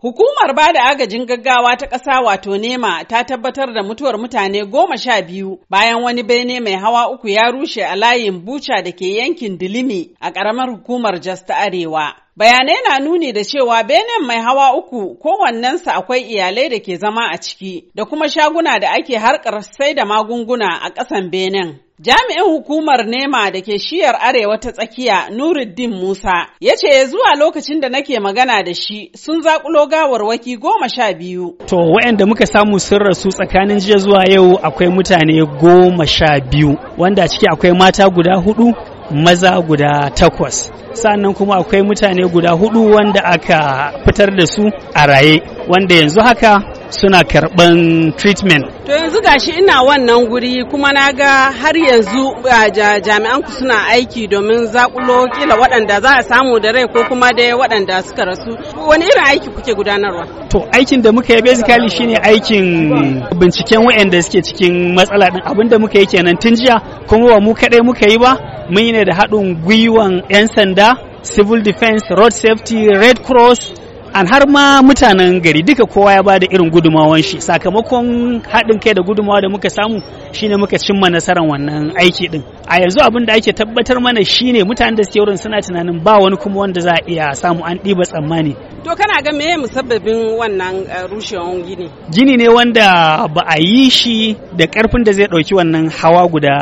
Hukumar ba da agajin gaggawa ta ƙasa wato nema ta tabbatar da mutuwar mutane goma sha biyu bayan wani bene mai hawa uku ya rushe a layin buca da ke yankin dilimi a ƙaramar hukumar Jos ta Arewa. Bayanai na nuni da cewa benen mai hawa uku kowannensa akwai iyalai da ke zama a ciki da kuma shaguna da ake harkar sai da magunguna a ƙasan benen. Jami'in hukumar NEMA da ke shiyar arewa ta tsakiya Nuruddin Musa ya ce zuwa lokacin da nake magana da shi sun zakulo gawarwaki goma sha biyu. To wa'yanda muka samu sun rasu tsakanin jiya zuwa yau akwai mutane goma sha biyu wanda ciki akwai mata guda hudu maza guda takwas sannan kuma akwai mutane guda hudu wanda aka fitar da su a raye wanda yanzu haka suna karban treatment. To yanzu gashi ina wannan guri kuma na ga har yanzu jami'an ku suna aiki domin zakulo kila waɗanda za a samu da rai ko kuma dai waɗanda suka rasu. Wani irin aiki kuke gudanarwa? To aikin da muka yi basically shine aikin binciken waɗanda suke cikin matsala din abinda muka yi kenan tun jiya kuma ba mu kaɗai muka yi ba mun yi ne da haɗin gwiwan 'yan sanda civil defense road safety red cross an har ma mutanen gari duka kowa ya bada irin gudumawan shi sakamakon haɗin kai da gudumawa da muka samu shine muka cimma nasarar wannan aiki din a yanzu abin da ake tabbatar mana shine mutanen da suke wurin suna tunanin ba wani kuma wanda za a iya samu an ɗiba tsammani to kana ga meye musabbabin wannan eh, rushewan gini gini ne wanda ba a yi shi da karfin da zai ɗauki wannan hawa guda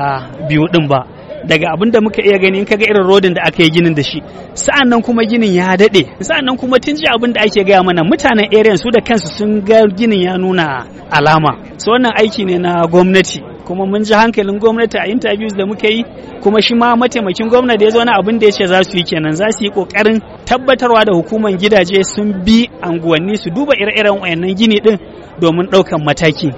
biyu din ba daga abin da muka iya gani in kaga irin rodin da aka yi ginin da shi sa'an nan kuma ginin ya daɗe sa'an nan kuma tun ji abin da ake gaya mana mutanen area su da kansu sun ga ginin ya nuna alama so wannan aiki ne na gwamnati kuma mun ji hankalin gwamnati a interviews da muka yi kuma shi ma mataimakin gwamnati ya zo na abin da ya ce za su yi kenan za su yi kokarin tabbatarwa da hukuman gidaje sun bi anguwanni su duba ire-iren wayannan gini din domin ɗaukan mataki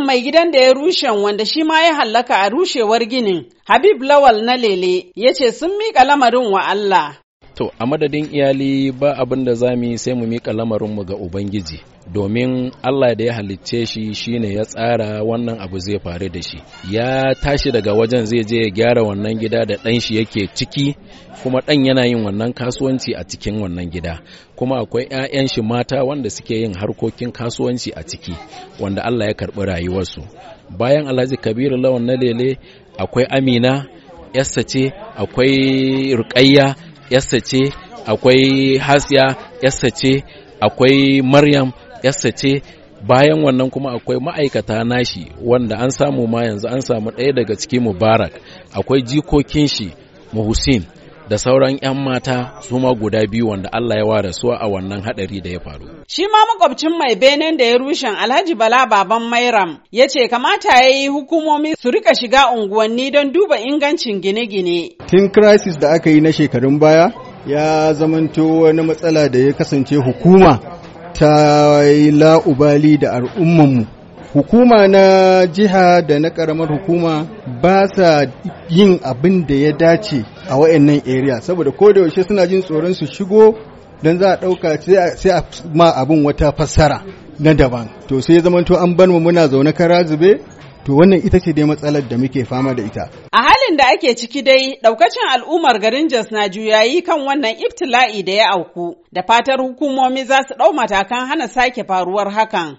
ginin mai gidan da ya rushen wanda shi ma ya hallaka a rushewar ginin, Habib Lawal na Lele ya ce sun miƙa lamarin wa Allah. To, a madadin iyali ba abin da za mu yi sai mu miƙa lamarinmu ga Ubangiji, domin Allah da ya halicce shi shi ne ya tsara wannan abu zai faru da shi. Ya tashi daga wajen zai je ya gyara wannan gida da ɗan shi yake ciki, kuma ɗan yana yin wannan kasuwanci a cikin wannan gida. Kuma akwai 'ya'yan shi mata wanda suke yin harkokin kasuwanci a ciki, wanda Allah ya karɓi rayuwarsu. Bayan Alhaji Kabiru Lawan na Lele, akwai Amina, yassa ce, akwai Rukayya, yassa ce akwai hasiya yassa ce akwai maryam yassa ce bayan wannan kuma akwai ma'aikata nashi wanda an samu ma yanzu an samu ɗaya daga cikin mubarak akwai jikokin shi muhusin da sauran 'yan mata su ma guda biyu wanda Allah ya ware su a wannan hadari da ya faru. Shi ma makwabcin mai benen da ya rushen Alhaji Bala Baban Mairam ya ce kamata ya yi hukumomi su rika shiga unguwanni don duba ingancin gine-gine. Tin crisis da aka yi na shekarun baya ya zamanto wani matsala da ya kasance hukuma ta yi la'ubali da al'ummanmu hukuma na jiha da na karamar hukuma ba sa yin abin da ya dace a wayannan area saboda ko da yaushe suna jin tsoron su shigo don za a dauka sai a ma abin wata fassara na daban to sai ya zamanto an bar mu muna zaune kara zube to wannan ita ce dai matsalar da muke fama da ita a halin da ake ciki dai daukacin al'ummar garin Jos na juyayi kan wannan iftila'i da ya auku da fatar hukumomi za su dau matakan hana sake faruwar hakan